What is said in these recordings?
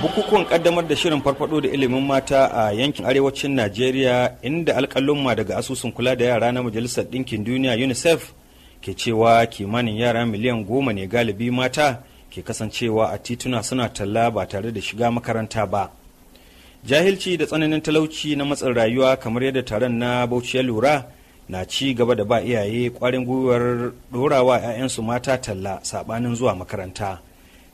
bukukuwan kaddamar da shirin farfado da ilimin mata a yankin arewacin najeriya inda alkalumma daga asusun kula da yara na majalisar ɗinkin duniya unicef ke cewa kimanin yara miliyan goma ne galibi mata ke kasancewa a tituna suna talla ba tare da shiga makaranta ba jahilci da tsananin talauci na matsin rayuwa kamar yadda taron na bauchi ya lura na ci gaba da ba iyaye kwarin gwiwar dorawa 'ya'yansu mata talla sabanin zuwa makaranta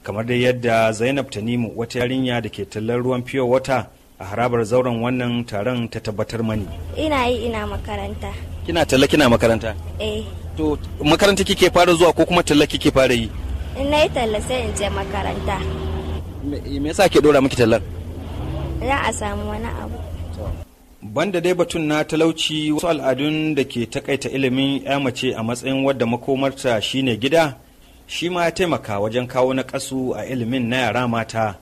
kamar dai yadda zainab tanimu wata yarinya da ke tallar ruwan fiyo wata a harabar zauren wannan taron ta tabbatar mani ina yi ina makaranta kina talla kina makaranta eh to makaranta kike fara zuwa ko kuma talla kike fara yi ina yi talla sai in je makaranta me yasa ke dora miki tallar za a samu wani abu banda dai batun na talauci wasu al'adun da ke takaita ilimin ya mace a matsayin wadda makomarta shine gida shi ma ya taimaka wajen kawo na kasu a ilimin na yara mata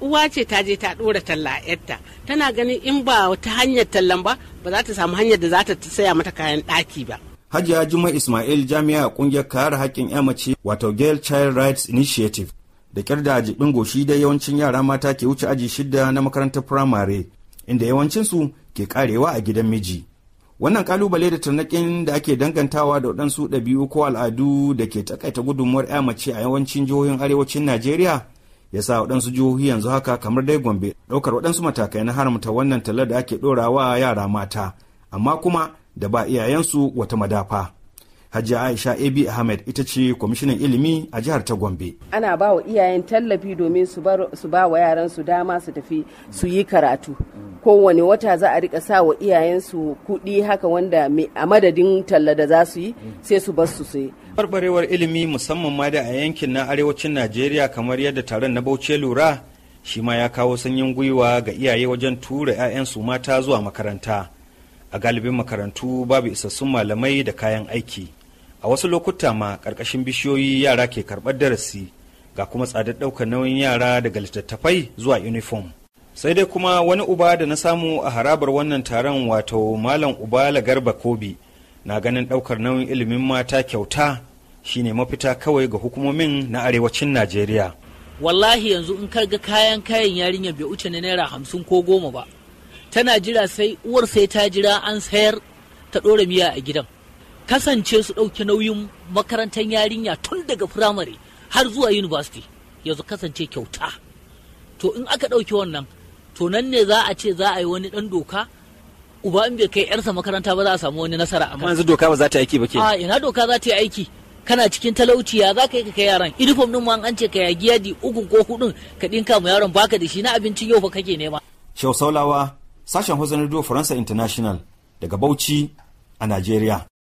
uwa ce ta je ta ɗora talla a yarta tana ganin in ba wata hanyar tallan ba ba za ta samu hanyar da za ta saya mata kayan ɗaki ba hajiya juma ismail jami'a a ƙungiyar kare haƙƙin ya mace wato girl child rights initiative da kyar da jibin goshi da yawancin yara mata ke wuce aji shidda na makarantar firamare inda yawancinsu ke karewa a gidan miji wannan kalubale da tarnaƙin da ake dangantawa da waɗansu ɗabi'u ko al'adu da ke takaita gudunmuwar ya mace a yawancin jihohin arewacin najeriya ya sa waɗansu jihohi yanzu haka kamar dai gombe ɗaukar waɗansu matakai na haramta wannan talar da ake ɗorawa yara mata amma kuma da ba iyayensu wata madafa Hajiya Aisha Abi Ahmed ita ce kwamishinan ilimi a jihar ta Gombe. Ana ba wa iyayen tallafi domin su ba wa yaran su dama su tafi su yi karatu. kowane wata za a rika sa wa iyayensu kuɗi haka wanda a madadin talla da za su yi sai su bar su su Barbarewar ilimi musamman ma da a yankin na arewacin Najeriya kamar yadda taron na Bauchi lura shi ma ya kawo sanyin gwiwa ga iyaye wajen tura 'ya'yansu mata zuwa makaranta. A galibin makarantu babu isassun malamai da kayan aiki. A wasu lokuta ma ƙarƙashin bishiyoyi yara ke karɓar darasi ga kuma tsadar ɗaukar nauyin yara daga littattafai zuwa uniform. sai dai kuma wani uba da na samu a harabar wannan taron wato malam uba garba kobi na ganin ɗaukar nauyin ilimin mata kyauta shine mafita kawai ga hukumomin na arewacin najeriya wallahi yanzu in ka ga kayan kayan yarinya bai wuce na naira hamsin ko goma ba tana jira sai uwar sai ta jira an sayar ta ɗora miya a gidan kasance su ɗauki nauyin makarantar yarinya tun daga firamare har zuwa university yanzu kasance kyauta to in aka ɗauki wannan to nan ne za a ce za a yi wani dan doka uba in bai kai yarsa makaranta ba za a samu wani nasara amma yanzu doka ba za ta aiki ba ke a ina doka za ta yi aiki kana cikin talauci ya za ka yi ka kai yaran uniform din ma an ce ka yagi yadi uku ko hudun ka dinka mu yaron baka da shi na abincin yau fa kake nema Shau Saulawa sashen Hausa Radio Faransa International daga Bauchi a Najeriya